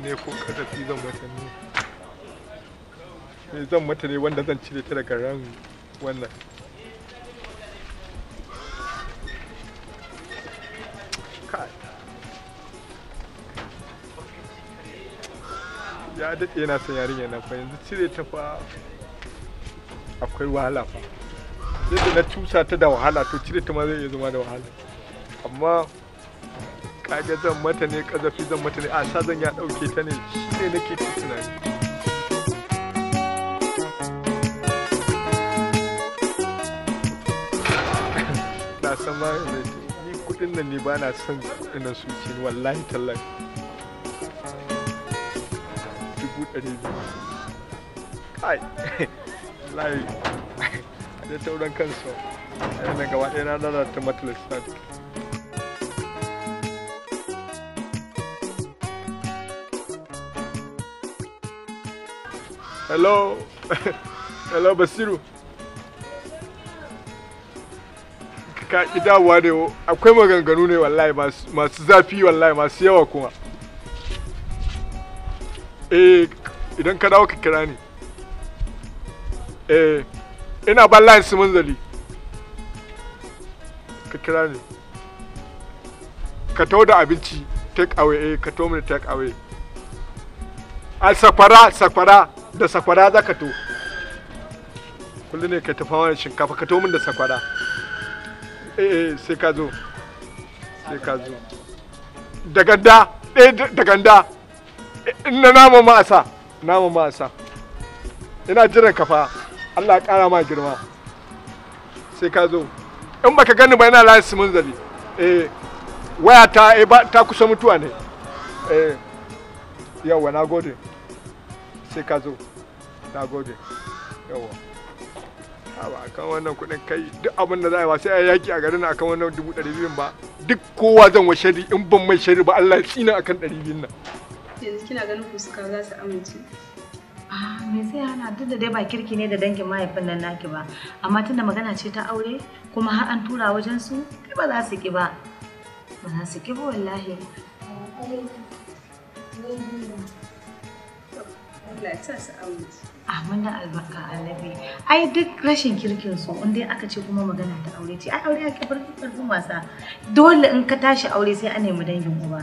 mutane ko kasafi zan mata ne eh, zan mata ne wanda zan cire ta daga ran wannan ya daɗe yana son yarinya nan fa yanzu cire ta fa akwai wahala fa yadda na cusa ta da wahala to cire ta ma zai iya zama da wahala amma kaga zan mata ne kazafi zan mata ne a sa zan ya dauke ta ne shi ne nake tunani na san ma ni kudin nan ne ba na son ina su ce wallahi tallahi dubu ɗari biyu kai wallahi da tauran kansu a yana gaba ɗaya na lalata matalis na hello hello basiru ka ki dawowa o, akwai maganganu ne wallahi masu zafi wallahi masu yawa kuma eh idan ka dawo ka kira ni eh ina ban layin su munzali ka kira ni ka tau da abinci take away eh ka tau mini take away a sakwara sakwara da sakwara za ka to kullum ne ka tafa wani shinkafa ka to min da sakwara eh, eh sai ka zo sai ka zo da ganda ɗaya eh, da ganda eh, na nama ma asa nama ma asa ina jiran ka fa Allah ya ƙara ma girma sai ka zo in baka gani ba yana layin simin zabi eh waya ta ta kusa mutuwa ne eh yawa na gode sai ka zo na gode yawa a akan wannan kudin kai duk abin da za a yi ba sai a yaki a garin akan wannan dubu ɗari biyun ba duk kowa zan wa shari in ban mai shari ba Allah ya tsina akan ɗari biyun nan. yanzu kina ganin fuska za su amince. Ah, me sai hana duk da dai ba kirki ne da dangin mahaifin nan naki ba amma tunda magana ce ta aure kuma har an tura wajen su kai ba za su ki ba ba za su ki ba wallahi. Allah ya albarka Alabi. Ai duk rashin kirkin su inda aka ce kuma magana ta aure ce ai aure ya kifar wasa. Dole in ka tashi aure sai a nemi dangin uba.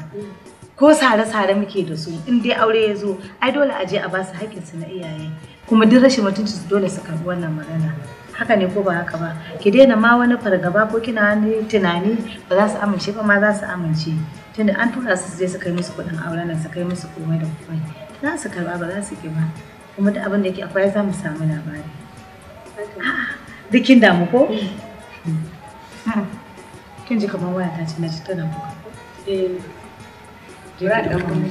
Ko sare-sare muke da su in dai aure ya zo ai dole a je a ba su na iyaye. Kuma duk rashin mutunci su dole su karɓi wannan magana. haka ne ko ba haka ba ki daina ma wani fargaba ko kina wani tunani ba za su amince ba ma za su amince tunda an tura su je su kai musu kuɗin auren nan su kai musu komai da komai za su karba ba za su ki ba kuma da abin da yake akwai za mu samu labari dukkin damu ko mm. Mm. Mm. kin ji kamar waya ta ce na ji tana kuka eh jira da mu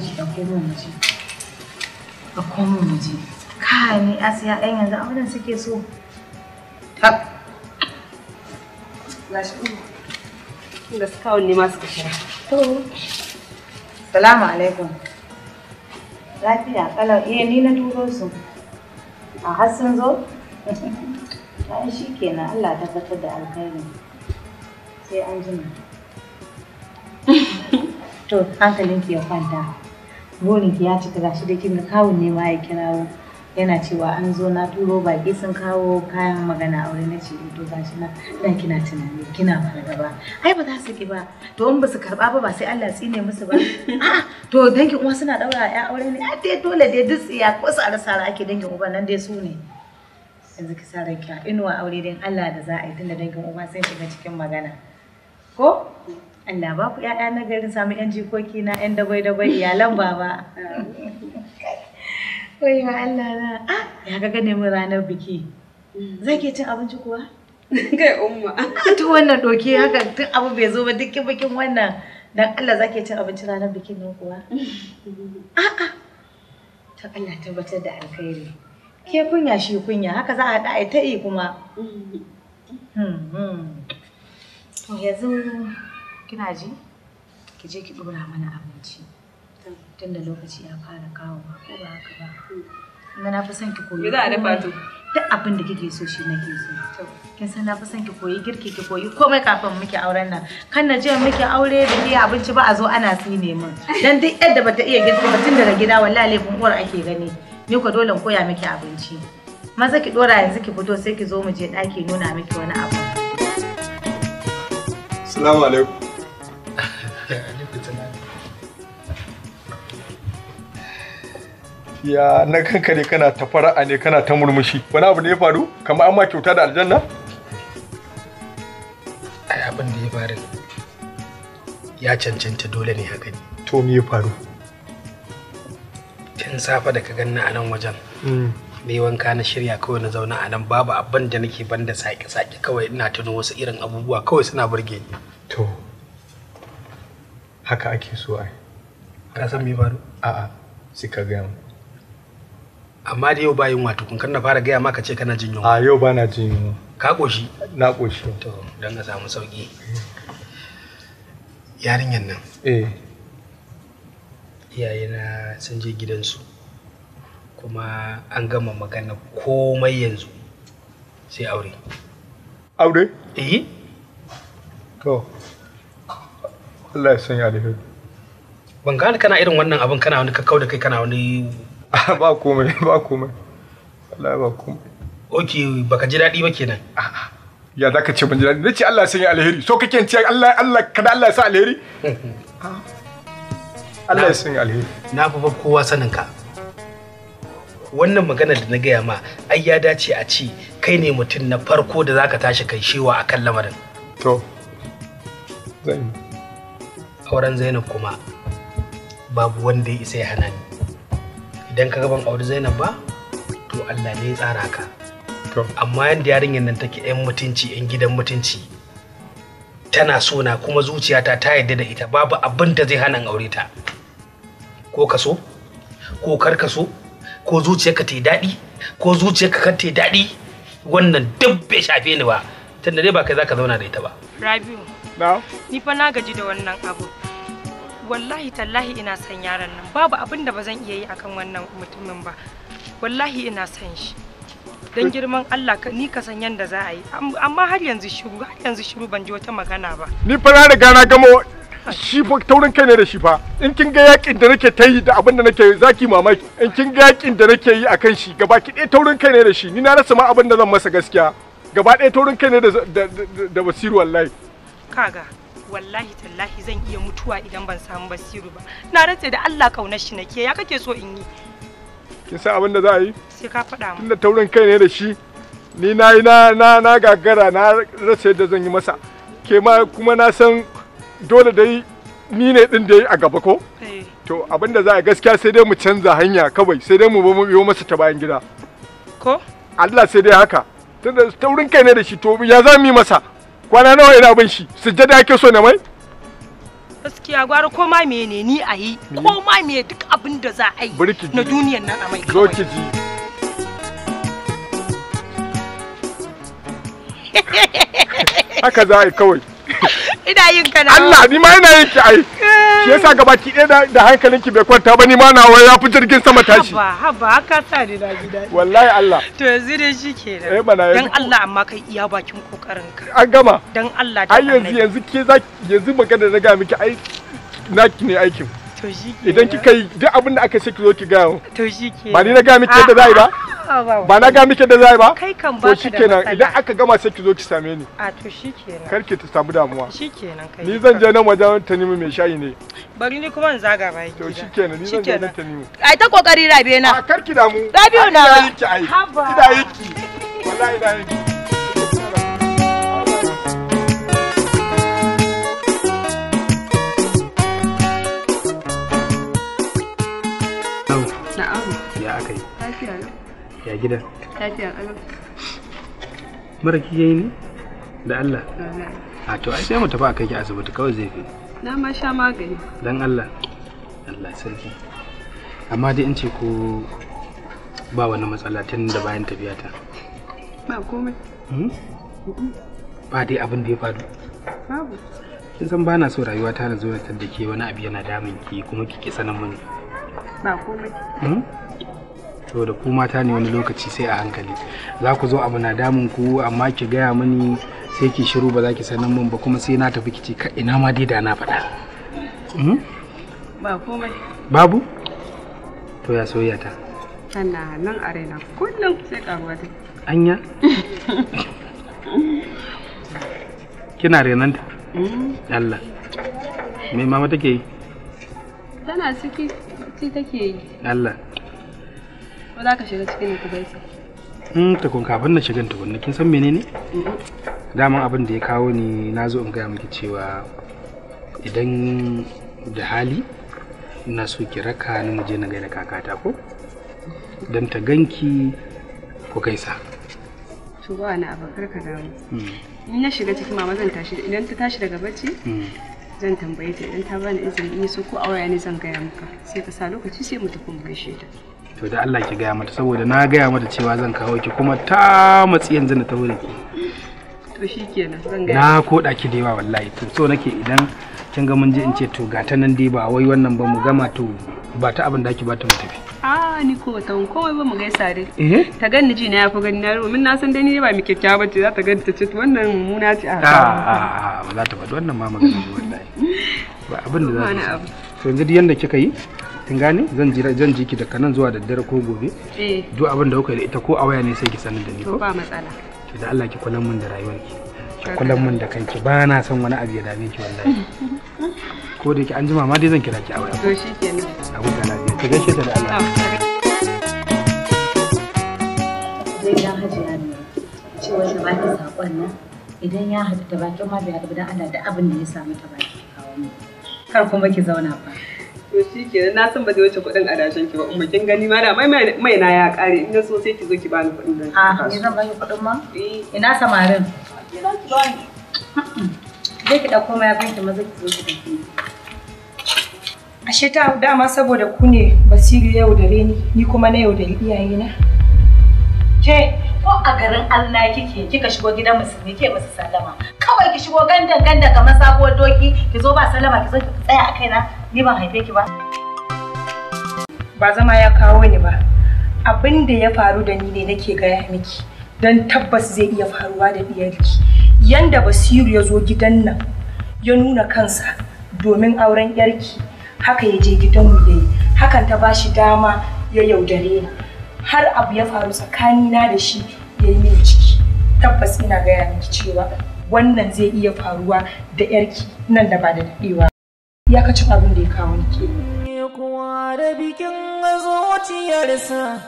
a komo mu ji asiya ɗan yanzu abin suke so ta gashi da suka wani masu kashira salamu alaikum Lafiya a eh ni na turo su. A har sun zo? Ai shi kenan Allah ta tabbatar da alkhairi. Sai an jima. To hankalinki ya kwanta. Burinki ya cika gashi da kin kawun nema ma ya kirawo. yana cewa an zo na turo baki sun kawo kayan magana aure na ce to gashi na dan kina tunani kina fargaba ai ba za su ki ba to in ba su karba ba ba sai Allah tsine musu ba a to dangin uwa suna daura ya aure ne a dai dole dai duk tsiya ko sare sare ake dangin uwa, nan dai su ne yanzu ki sa ranki a inuwa aure din Allah da za a yi tunda dangin uwa sai shiga cikin magana ko Allah ba ku 'ya'ya na garin samu 'yan jikoki na 'yan dagwai-dagwai iyalan baba. Wai ma Allah na. Ah, ya ga gane mu ranar biki. Mm. Zaki cin abinci kuwa? Kai umma. Ah, to wannan doke haka tun abu bai zo ba dukkin bikin wannan. Dan Allah zaki cin abinci ranar bikin nan kuwa? A'a. Ah, ah. Ta Allah tabbatar da alkhairi. Ke kunya shi kunya haka za a haɗa ta yi kuma. Mm. Hmm, hmm. To yanzu kina ji? Ki je ki ɗora mana abinci. tunda lokaci ya fara kawo ba ko ba haka ba kuma na fi son ki koyi za a dafa to duk abin da kike so shi nake so kin san na fi son ki koyi girki ki koyi komai kafin muke auren nan kan na je muke aure da ni abinci ba a zo ana tsine min dan duk yadda bata iya girki ba tun daga gida wallahi laifin uwar ake gani ni ko dole koya miki abinci maza ki dora yanzu ki fito sai ki zo mu je daki nuna miki wani abu Assalamu alaikum. ya na kanka ne kana ta fara'a ne kana ta murmushi wani abu ne ya faru kamar an ma kyauta da aljanna ai abin da ya faru ya cancanta dole ne haka ne to me ya faru tun safa da ka ganna a nan wajen mm. ne wanka na shirya kawai na zauna a nan babu abin da nake ban da sake-sake kawai ina tuno wasu irin abubuwa kawai suna burge ni to haka ake so ai ka san me faru a'a sai ka gaya mu amma da yau ba yin tukun kan na fara gaya maka ce kana jin yunwa a yau ba na jin yunwa ka koshi na koshi to dan ka samu sauki yarinyan nan eh na sun je gidansu kuma an gama magana komai yanzu sai aure aure eh to Allah ya sanya alheri ban gane kana irin wannan abin kana wani kakkau da kai kana wani ba komai ba komai wallahi ba komai ok baka ji daɗi ba kenan ya zaka ce ban ji daɗi nace Allah sanya alheri so kake ce Allah Allah kada Allah ya sa alheri ah. Allah ya sanya alheri na fa kowa sanin ka wannan maganar da na gaya ma ai ya dace a ce kai ne mutum na farko da zaka tashi kai shewa akan lamarin to zan auren Zainab kuma babu wanda ya isa ya hana ni idan ka gaban auri zainab ba to allah ne ya tsara ka amma yadda yarinyar nan take yan mutunci yan gidan mutunci tana sona kuma zuciyata ta yadda da ita babu abin da zai hana aure ta ko ka so ko kar ka so ko zuciyarka ta yi daɗi ko zuciyarka kar ta yi daɗi wannan duk bai shafe ni ba tunda dai ba kai zaka zauna da ita ba rabiu ni fa na gaji da wannan abu wallahi tallahi ina son yaron nan babu abin da ba zan iya yi akan wannan mutumin ba wallahi ina son shi don girman Allah ni ka san yadda za a yi amma har yanzu shiru har yanzu shiru ban ji wata magana ba ni fara da gana na gama shi fa taurin kai ne da shi fa in kin ga yakin da nake ta yi da abin da nake zaki mamaki in kin ga yakin da nake yi akan shi gaba ki ɗaya taurin kai ne da shi ni na rasa ma abin da zan masa gaskiya gaba ɗaya taurin kai ne da basiru wallahi kaga wallahi tallahi zan iya mutuwa idan ban samu basiru ba na rantse da Allah kaunar shi nake ya kake so in yi kin san abin da za a yi sai ka faɗa mu tunda taurin kai ne da shi ni na yi na na gagara na rasa yadda zan yi masa ke ma kuma na san dole dai ni ne din da yi a gaba ko eh. to abin da za a gaskiya sai dai mu canza hanya kawai sai dai mu ba mu biyo masa ta bayan gida ko Allah sai dai haka tunda taurin kai ne da shi to ya za mu yi masa kwana nawa ina bin shi sujjada yake so na mai gaskiya gwara koma ma mene ni a yi ko ma duk abin da za a yi na duniyan nan a mai kawai haka za a yi kawai ina yin kana Allah ni ma ina yin ki ai shi yasa gabaki ɗaya da hankalinki bai kwanta ba ni ma nawa ya fi jirgin sama tashi haba haba haka sa ni na ji dadi. wallahi Allah to yanzu dai shi kenan eh yanzu. dan Allah amma kai iya bakin kokarin ka an gama dan Allah ai yanzu yanzu ke za yanzu magana da ga miki ai naki ne aikin to shi kenan idan kika yi duk abin da aka ce ki zo ki ga to shi kenan ba ni na ga miki yadda za yi ba ba na ga miki da zai ba kai kan ba shi kenan idan aka gama sai ki zo ki same ni a to shikenan kar ki ta samu damuwa kenan kai ni zan je nan wajen tanimu mai shayi ne bari ni kuma in zaga bai to kenan ni zan je nan tanimu ai ta kokari rabe na a kar ki damu rabe na ina ai ki ina yiki wallahi da yiki gida. Lafiya Allah. Mara kike yi ne? Da Allah. A to ai sai mu tafi a ki asibiti kawai zai fi. Na ma sha magani. Dan Allah. Allah sarki. Amma dai in ce ko ba wani matsala tun da bayan ta. Ba komai. Hmm? Ba dai abin da ya faru. Babu. Kin san ba na so rayuwa ta na zo da ke wani abu yana damun ki kuma kike sanin mani. Ba komai. Hmm? saboda ku mata ne wani lokaci sai a hankali za ku zo abu na damun ku amma ki gaya mini sai ki shiru ba za ki sanin mun ba kuma sai na tafi ki ce ka ina ma dai da na faɗa hmm? ba komai babu to ya soyayya ta tana nan a raina kullum sai karuwa ta anya kina ta mm-hmm. Allah me mama take yi tana ciki ci take yi Allah Ko za ka shiga cikin ne ku gaisa? in hmm, tukun kafin na shigan tukunna kin san menene daman abin da ya kawo ni na zo in gaya miki cewa idan da hali na so ki raka ni mu je na gaida kakata ko dan ta ganki ku gaisa to ba na abu karka damu hmm. in na shiga cikin mama zan tashi idan ta tashi daga bacci hmm. zan tambaye ta idan ta bani izini in so ko a waya ne zan gaya maka sai ka sa lokaci sai mu tafi mu gaishe ta to da Allah ki gaya mata saboda na gaya mata cewa zan kawo ki kuma ta matsi yanzu na ta da ki to shikenan zan gaya na koda ki da yawa wallahi to so nake idan kin ga mun je in ce to ga ta nan dai ba wai wannan ba mu gama to ba ta abin da ba bata mu tafi a ni ko ta wai ba mu gaisa sare eh ta ganni ji na yafi ganni na mun na san dai ni ba mu kyakkyawa ba ce za ta gani ta ce wannan muna ci a a ba za ta faɗi wannan ma magana wallahi ba abin da za ta to yanzu duk yanda kika yi kin gane zan jira zan ji ki daga nan zuwa daddare ko gobe eh duk abin da kuka yi da ita ko a waya ne sai ki sanar da ni ko ba matsala to da Allah ki kula mun da rayuwar ki kula mun da kanki ba na san wani abu ya dame ki wallahi ko da ki an jima ma dai zan kira ki a waya to shikenan a huta lafiya ki gaishe ta da Allah zai dan hajiya ne cewa ta baki sakon nan idan ya haɗu ta bakin ma bai haɗu dan Allah da abin da ya samu ta baki kawo mu kar kuma ki zauna ba to shi kenan na san ba zai wuce kuɗin adashin ki ba umma kin gani ma da mai mai na ya kare in so sai ki zo ki bani kuɗin nan a ah, ni zan bani kuɗin ma eh. ina samarin ki zan zai ki dauko mai banki maza ki zo ki tafi ashe ta dama saboda ku ne basiri yau da reni ni kuma na yau da iyayena ke ko a garin Allah kike kika shigo gidan musulmi ke musu sallama kawai ki shigo gandan ganda kamar sabuwar doki ki zo ba salama ki zo ki tsaya a kaina ni ban haife ki ba ba zama ya kawo ni ba abin da ya faru da ni ne nake gaya miki don tabbas zai iya faruwa da diyarki yanda basiru ya zo gidan nan ya nuna kansa domin auren yarki haka ya je gidanmu ya yi hakan ta ba shi dama ya yaudare ni har abu ya faru tsakanina da shi ya yi min ciki tabbas ina gaya miki cewa wannan zai iya faruwa da yarki nan da ba da daɗewa iyakacin abin da ya kawo ni kuwa da bikin zuciyarsa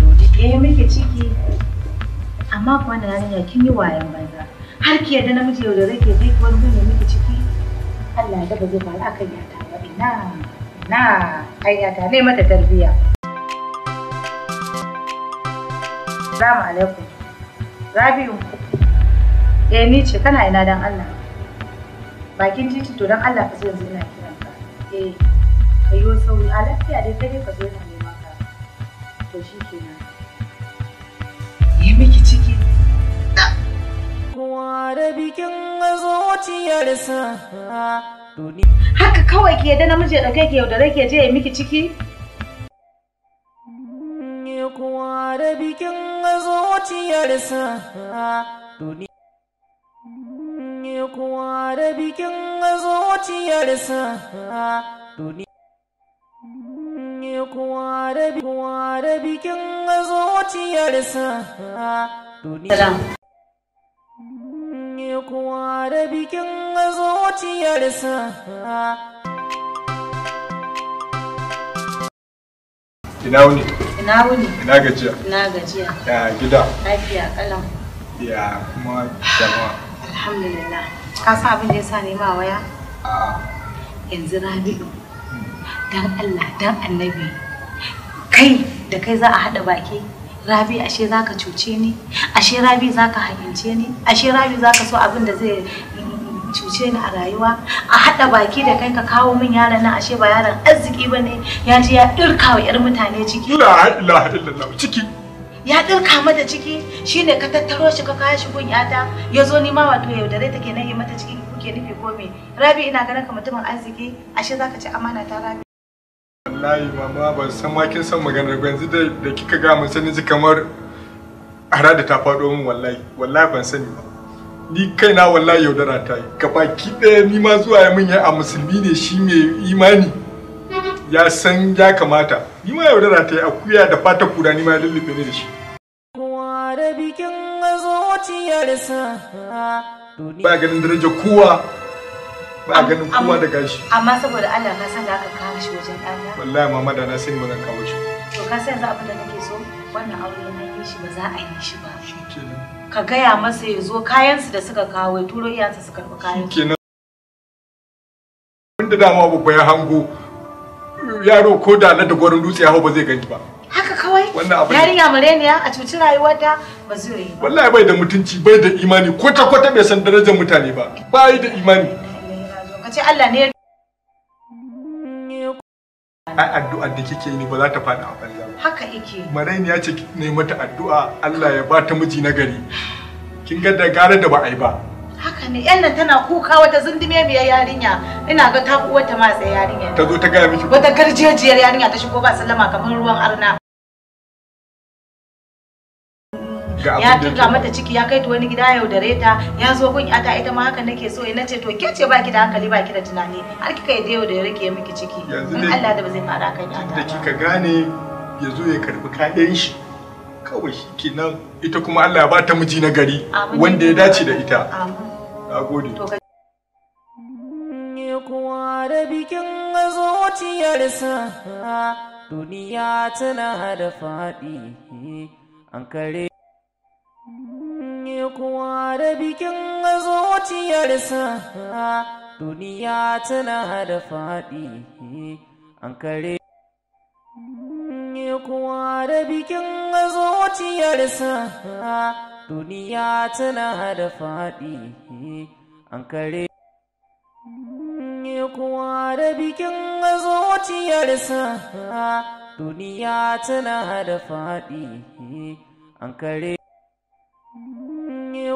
dodi ya yi miki ciki amma kuwa da yarinya kin yi wayan banza har ki yarda namiji yau da rage zai ki wani ya miki ciki Allah ya daba zai faru akan yata ba ina ina ai yata ne mata tarbiyya Assalamu alaikum Rabiu eh ni ce kana ina dan Allah bakin titi to don Allah ka zo yanzu ina kiran ka eh ka yi sauri a lafiya dai kai ka zo ina neman ka to shi kenan yi miki ciki da bikin zuciyarsa haka kawai ke da namiji ya dauke ke yaudare ke je ya miki ciki kuwa bikin zuciyarsa kuwa da bikin zuciyarsa duniya kowa da bikin zuciyarsa duniya kowa da bikin zuciyarsa Ina wuni? Ina wuni? Ina gajiya? Ina gajiya. Ya gida? Lafiya kalam. Ya kuma jama'a. alhamdulillah ka san abin da ya sa nema waya yanzu rabi'u dan allah dan annabi kai da kai za a haɗa baki rabi ashe za ka cuce ni ashe rabi za ka haƙince ni ashe rabi za ka so abin da zai mm, mm, cuce ni a rayuwa a haɗa baki da kai ka kawo min yaran nan ashe ba yaran arziki ba ne ya je ya ɗirka wa 'yar mutane ciki la ilaha illallah ciki ya dirka mata ciki shine ka tattaro shi ka kawo shi gun yata ya zo nima wato rai take nan mata ciki kuke nufi ko me rabi ina ganin ka mutumin arziki ashe zaka ci amana ta rabi wallahi mama ban san ma kin san maganar yanzu da da kika ga mun sani kamar ara da ta faɗo min wallahi wallahi ban sani ba ni kaina wallahi yaudara ta yi gaba ki ɗaya ni ma zuwa min ya a musulmi ne shi mai imani ya san ya kamata ni ma yaudara ta yi akuya da fata kura ni ma ya lullube ni da shi da bikin ba ganin darajar kowa ba ganin kowa da gashi amma saboda Allah na san da aka kawo shi wajen ɗaya. wallahi mama da na sani ba zan kawo shi to ka san yanzu abin da nake so wannan aure na yi shi ba za a yi shi ba ka gaya masa ya zo kayansu da suka kawo ya turo iyansa su karɓi kayan shikenan wanda dama babba ya hango yaro ko da na da gwarin dutse ya hau ba zai gani ba haka kawai yarinya mareniya a cuci rayuwar ba zai yi wallahi bai da mutunci bai da imani kwata kwata bai san darajar mutane ba bai da imani kace Allah ne ai addu'a da kike yi ba za ta fada a banza ba haka yake mureniya ce ne mata addu'a Allah ya ba ta miji na gari kin ga da gare da ba ai ba haka ne yan nan tana kuka wata zundume biyar yarinya ina ga ta uwarta ma tsaye yarinya ta zo ta gaya miki wata garjejiyar yarinya ta shigo ba sallama kamar ruwan arna ya tuka mata ciki ya kai ta wani gida yau da reta ya zo gun yata ita ma haka nake so ina ce to ke ce baki da hankali baki da tunani har kika yi da yau da ya rike miki ciki in Allah da ba zai fara kan yata da kika gane ya zo ya karbi kayan shi kawai shi kenan ita kuma Allah ya ba ta miji na gari wanda ya dace da ita amin na gode kuwa da bikin zuciyarsa duniya tana da faɗi an kare kuwa da bikin zuciyarsa duniya tana da faɗi an kare kuwa da bikin zuciyarsa duniya tana da faɗi an kare kuwa da bikin zuciyarsa duniya tana da faɗi an kare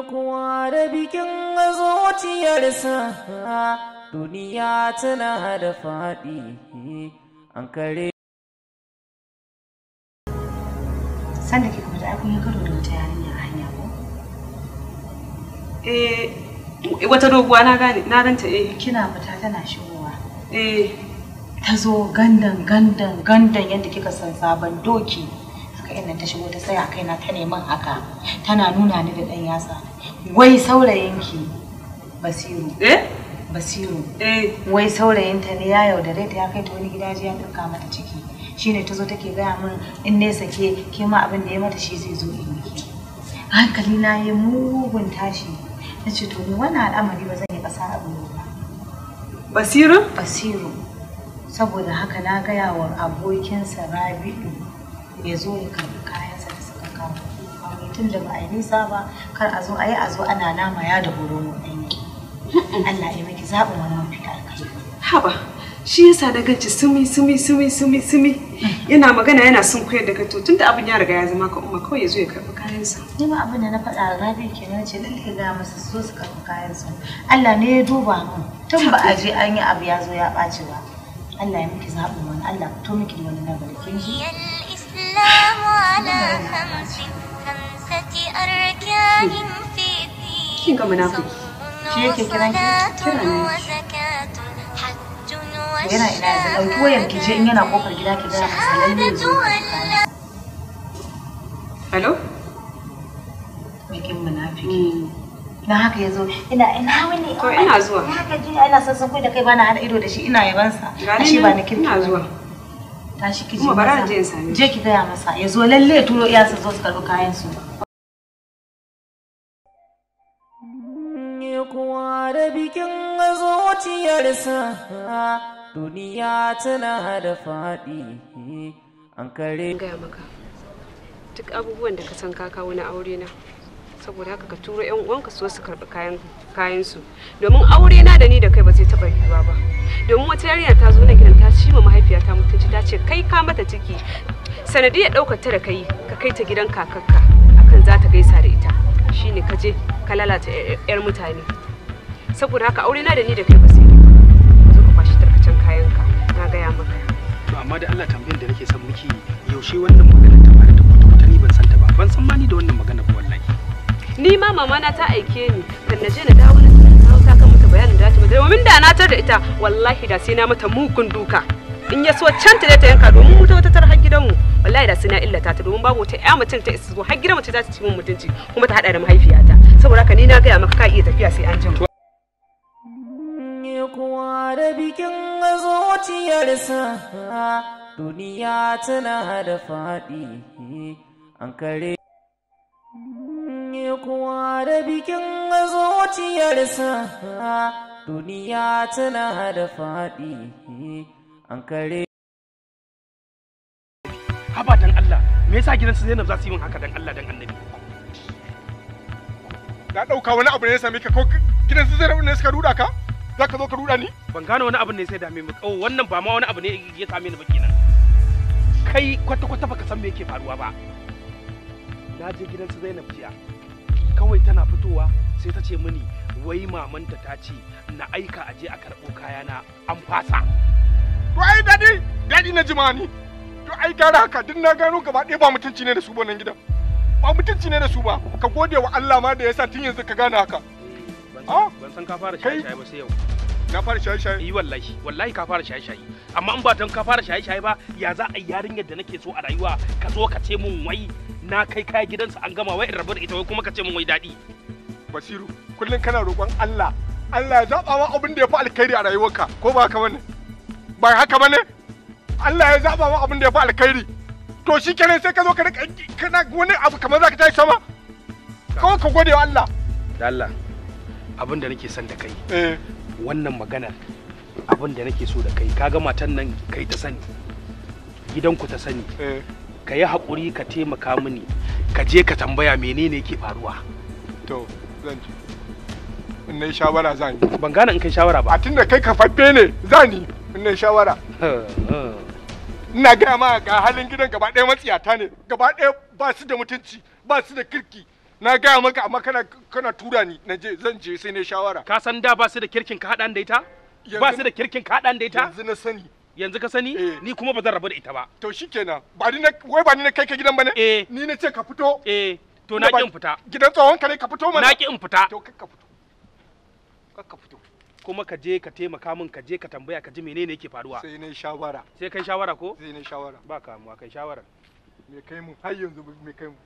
kuwa da bikin zuciyarsa duniya tana da faɗi an kare sanda ke kuma da Eh, eh, wata doguwa na gane, na eh. Kina fita tana shigowa. Eh. Ta zo gandan gandan gandan yadda kika san sabon doki. Haka inda ta shigo ta tsaya kaina ta neman haka. Tana nuna ni da ɗan yatsa. Wai saurayinki Basiru. Eh? Basiru. Eh. Wai saurayinta ne ya yaudare ta ya kai ta wani gidaje ya ɗauka mata ciki. shine ta zo take gaya min in ne sake ke ma abin da ya mata shi zai zo in yi hankali na yi mugun tashi na ce to ni wannan al'amari ba zan yi ƙasa abu ba basiru basiru saboda haka na gaya wa abokinsa rabi'u ya zo ya karɓi kayansa da suka kawo amma tun da ba a yi nisa ba kar a zo a yi a zo ana ya da horo mu ɗanyi Allah ya miki zaɓin wani mafi alƙalai haba shi yasa da ganci sumi sumi sumi sumi sumi yana magana yana sun koyar da kato tunda abin ya riga ya zama ka umma kawai ya zo ya karɓi kayansa ni ma abin da na faɗa ga rabi kenan ce lalle ga masa su zo su karɓi kayansa Allah ne ya duba mu tun ba a je an yi abu ya zo ya ɓaci ba Allah ya miki zaɓin wani Allah to miki da wani nagari kin ji kin ga munafiki shi yake kiran ki Kiran ne yana ina yanzu ɗauki wayan ki je in yana kofar gida ki gaya masa lalle zo Hello? Mekin munafiki. Hmm. Na haka ya zo, ina ina wani ko ina zuwa. Na haka ji ina son sun da kai bana hada ido da shi ina yaban sa. Ashe ba ni kirki. Ina zuwa. Tashi ki je. Kuma bara je sami. Je ki gaya masa, ya zo lalle ya turo iyansa zo su karɓi kayan su. kuwa da bikin zuciyarsa duniya tana da faɗi an kare gaya maka duk abubuwan da ka san ka kawo na aure na saboda haka ka turo yan uwanka so su karɓi kayan kayan su domin aure na da ni da kai ba zai taɓa yiwuwa ba domin wata yarinya ta zo na gidan ta ci ma mahaifiyata mutunci ta ce kai ka mata ciki sanadiyar ɗaukar ta da kai ka kai ta gidan kakakka akan za ta gaisa da ita shine ka je ka lalata 'yar mutane saboda haka aure na da ni da kai ba sai to amma da Allah tambayar da nake son miki yaushe wannan maganar ta fara ta kwata kwata ni ban san ta ba ban san ma ni da wannan magana ba wallahi ni ma mama na ta aike ni kan na je na dawo na dawo ta kan mata bayanin da ta mata domin da na tar da ita wallahi da sai na mata mugun duka in ya so can ta ta yanka domin mu ta wata tar har gidanmu wallahi da na illata ta domin babu wata ƴa mutum ta isa zo har gidan mace za ta ci min mutunci kuma ta hada da mahaifiyata saboda haka ni na gaya maka ka iya tafiya sai an jima kowa da bikin zuciyarsa duniya tana da faɗi an kare kowa da bikin zuciyarsa duniya tana da faɗi an kare haba dan Allah me yasa gidansu Zainab za su yi haka dan Allah dan annabi na ɗauka wani abu ne ya same ka ko gidansu Zainab ne suka ruda ka za ka zo ka ruɗa ni ban gane wani abu ne sai dame mu oh wannan ba ma wani abu ne ya same ni ba kenan kai kwata kwata baka san me yake faruwa ba na je gidan su Zainab jiya kawai tana fitowa sai ta ce mini wai mamanta ta ce na aika aje a karɓo kayana an fasa to ai dadi dadi na jima ni to ai gara haka duk na gano gaba ɗaya ba mutunci ne da su ba nan gidan ba mutunci ne da su ba ka gode wa Allah ma da yasa tun yanzu ka gane haka Ah, ban san ka fara shaye-shaye ba sai yau na fara shaye-shaye yi eh, wallahi wallahi ka fara shaye-shaye amma in ba tan ka fara shaye-shaye ba ya za a yarinyar da nake so a rayuwa ka zo ka ce mun wai na kai kaya gidansa an gama wai in rabu da ita wai kuma ka ce mun wai daɗi basiru kullum kana roƙon Allah Allah ya zaɓa ma abin da ya fi alkhairi a rayuwarka ko ba haka bane ba haka bane Allah ya zaɓa ma abin da ya fi alkhairi to shi kenan sai ka zo ka rika kana wani abu kamar za ka tashi sama kawai ka gode wa Allah da Allah abin da nake son da kai eh. wannan maganar abin da nake so da kai kaga matan nan kai ta sani gidanku ta sani eh. ka yi haƙuri ka taimaka mini ka je ka tambaya menene ke faruwa to zan ji in na shawara zan yi ban gane in kai shawara ba a tunda kai kafaffe ne zan yi in na shawara ina gaya ma ga halin gidan gaba ɗaya matsiyata ne gaba ɗaya ba su da mutunci ba su da kirki na gaya maka amma kana kana tura ni na je zan je sai ne shawara ka san da ba su da kirkin ka haɗan da ita ba su da kirkin ka haɗan da ita yanzu na sani yanzu ka sani eh. ni kuma ba zan rabu da ita ba to shikenan ba ni wai ba ni na kai ka gidan ba ne eh. ni na ce ka fito eh to na ki in fita gidan tsohon ka ne ka fito mana na ki in fita to ka fito ka fito kuma ka je ka taimaka min ka je ka tambaya ka ji menene yake faruwa sai ne shawara sai kai shawara ko sai ne shawara ba kamuwa kai shawara me kai mu har yanzu me kai mu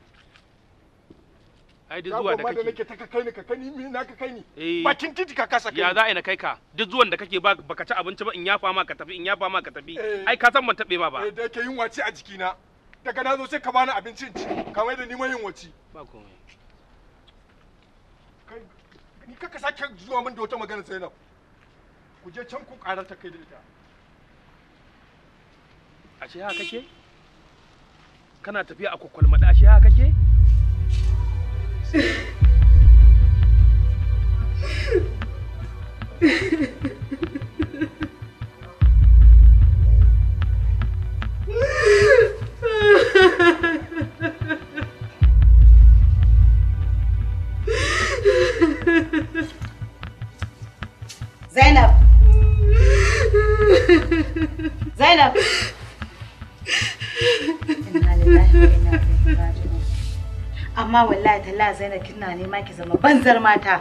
ai duk zuwa da kake nake ta ka kai ni ka kai ni na ka kai ni eh. bakin titi ka kasa kai ya za a yi na kai ka duk zuwan da kake ba baka ci abinci ba in ya fama ka tafi in ya fama ka tafi eh. ai ka san ban tabe ma ba eh da yake yin wace a jiki na daga na zo sai ka bani abincin ci ka da ni ma yin wace ba komai kai ni kaka sake zuwa min da wata magana sai na ku je can ku karanta kai da ita ashe haka ke kana tafiya a kwakwalmada ashe haka ke. Ha ha ha. amma wallahi talla zainab kina nema ki zama banzar mata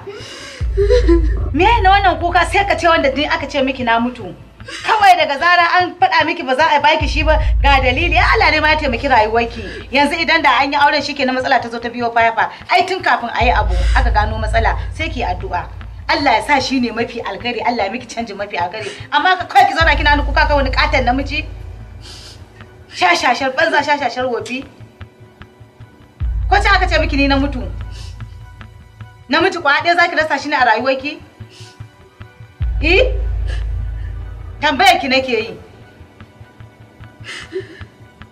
me ne wannan kuka sai ka ce wanda din aka ce miki na mutu kawai daga zara an faɗa miki ba za a baki shi ba ga dalili ya Allah ne ma ya taimaki rayuwarki yanzu idan da an yi auren shike na matsala ta zo ta biyo baya fa ai tun kafin a yi abu aka gano matsala sai ki addu'a Allah ya sa shi ne mafi alkhairi Allah ya miki canjin mafi alkhairi amma ka kawai ki zauna kina ni kuka ka wani katan namiji shashashar banza shashashar wofi Kwace aka ce miki ni na mutu? Namiji kwa ɗaya zaki rasa shi ne a rayuwarki? Eh? Tambayar ki nake yi.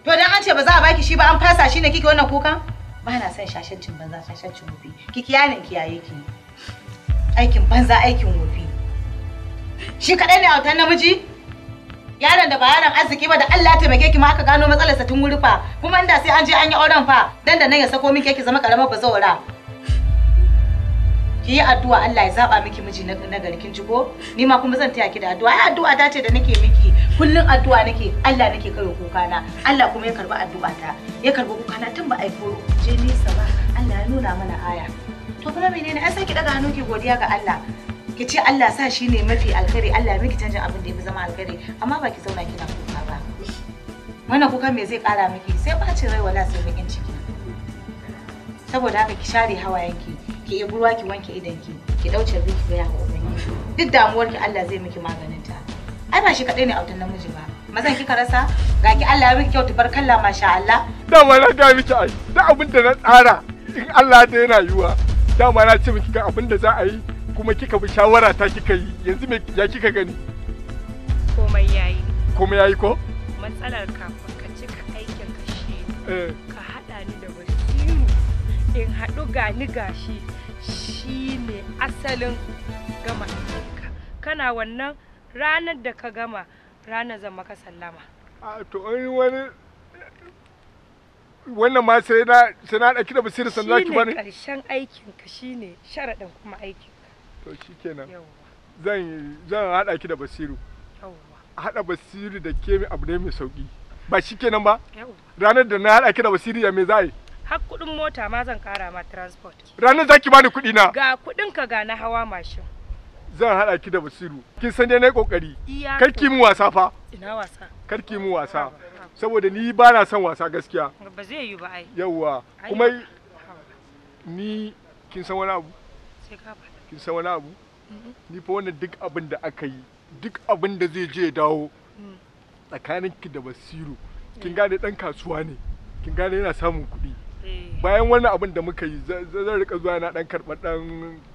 To dan an ce ba za a baki shi ba an fasa shi ne kike wannan kukan? Ba na son shashancin banza shashancin wofi. Ki kiyanin kiyaye ki. Aikin banza aikin wofi. Shi kaɗai ne a namiji? yaron da ba yaron arziki ba da Allah taimake ki ma aka gano matsalar sa tun wuri fa kuma inda sai an je an yi auren fa dan da nan ya sako min ki zama karamar bazawara ki yi addu'a Allah ya zaba miki miji na gari kin ji ko ni ma kuma zan taya ki da addu'a ai addu'a ta ce da nake miki kullun addu'a nake Allah nake kai kuka na Allah kuma ya karba addu'a ta ya karba kuka na tun ba aiko je nesa ba Allah ya nuna mana aya to kuma menene ai sai ki daga hannu ki godiya ga Allah ki ce Allah sa shi ne mafi alkhairi Allah miki canjin abin da ya fi zama alkhairi amma ba ki zauna kina kuka ba wannan kuka me zai kara miki sai bacin rai wala sai bakin ciki saboda haka ki share hawayenki ki yi ruwa ki wanke idan ki dauce ruwa ki gaya wa ubangiji duk damuwar ki Allah zai miki maganin ta ai ba shi kadai ne autan namiji ba mazan kika rasa ga ki Allah ya miki kyautu barkalla masha Allah da wala ga miki ai da abin da na tsara in Allah da yana yiwa dama na ce miki ga abin da za a yi kuma kika bi shawara ta kika yi yanzu me ya kika gani komai yayi komai yayi ko matsalar ka ka cika aikin ka shi eh. ka hada ni da basiru in hadu ni gashi shi ne asalin gama ka kana wannan ranar da ka gama ranar zan maka sallama a to wani wannan ma sai na sai na ɗauki da basirin sannan ki bani. ne ƙarshen aikin ka ne sharaɗin kuma aikin. to shi kenan zan zan hada ki da basiru hada basiru da ke abu ne mai sauki ba shi kenan ba ranar da na hada ki da basiru ya me za yi har kudin mota ma zan kara ma transport. Ranar zaki bani kudi na. Ga kudin ka ga na hawa mashin. Zan hada ki da Basiru. Kin san dai nayi kokari. Kar ki mu wasa fa. Ina wasa. Kar ki mu wasa. Saboda ni ba na son wasa gaskiya. Ba zai yi ba ai. Yawwa. Kuma ni kin san wani abu? Sai ka kin san wani abu mm-hmm. ni fa wannan duk abin da aka yi duk abin da zai je dawo mm. tsakanin ki da basiru kin eh. gane dan kasuwa ne kin gane yana samun kuɗi eh. bayan wannan abin da muka yi zan rika zuwa na dan karɓar dan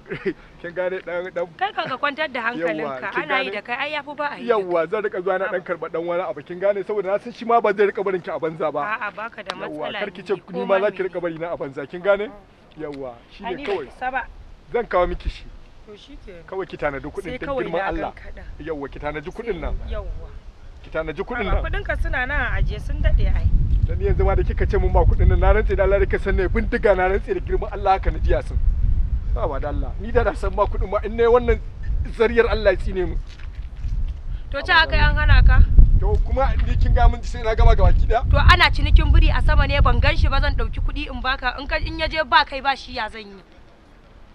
kin gane dan dan kai ka kwantar da hankalinka ana yi da kai ai yafi ba a yi yawa zan rika zuwa na dan karɓar dan wani abu kin gane saboda na san shi ma ba zai rika barin ki a banza ba a'a baka da matsala yawa karki ce ni ma za ki rika bari na a banza kin gane mm-hmm. yawa ne kawai zan kawo miki shi kawai ki tanadi kuɗin don girman Allah yawwa ki tanadi kuɗin nan yawwa ki tanadi kuɗin nan kuɗin ka suna nan aje sun daɗe ai dan yanzu ma da kika ce mun ba kuɗin nan na rantsi da Allah da sanne bindiga na rantsi da girman Allah haka na jiya sun ba ba da Allah ni da na san ma kuɗin ma in ne wannan zariyar Allah ya tsine mu to ce aka an hana ka to kuma ni kin ga mun sai na gama gaba baki da to ana cinikin biri a sama ne ban gan shi ba zan ɗauki kuɗi in baka in ka in ya je ba kai ba shi ya zan yi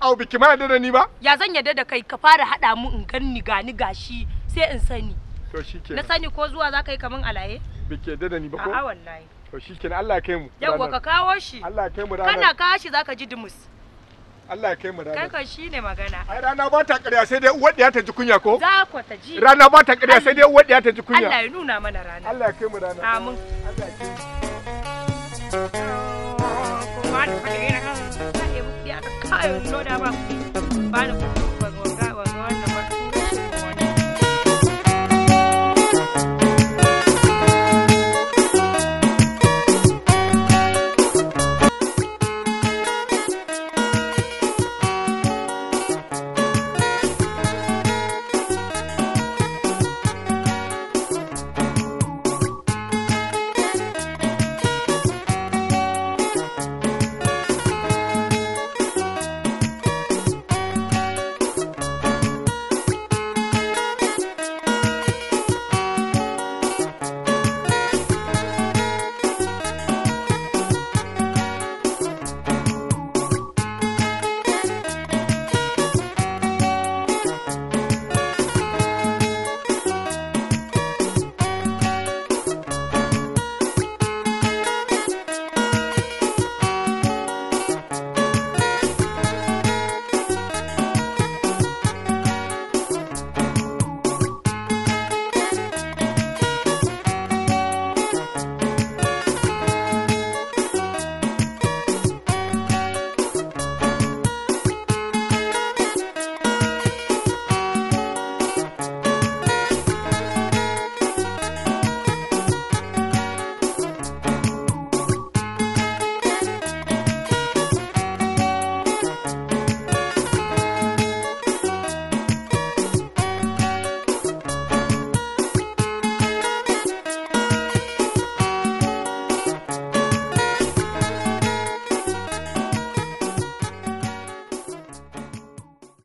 au biki ma yadda da ni ba ya zan yadda da kai ka fara hada mu in ganni ni gashi sai in sani to shikenan na sani ko zuwa za ka yi kaman alaye biki yadda da ni ba ko a'a wallahi to shikenan Allah ya kai mu yawa ka kawo shi Allah ya kai mu ranar kana kawo shi zaka ji dumus Allah ya kai mu rana. Kanka shi ne magana. Ai rana ba ta ƙarya sai dai uwar ta ji kunya ko? Za ku ta ji. Rana ba ta ƙarya sai dai uwar ta ji kunya. Allah ya nuna mana rana. Allah ya kai mu rana. Amin. Allah ya kai mu. Kuma da kan yanzu da ba ba da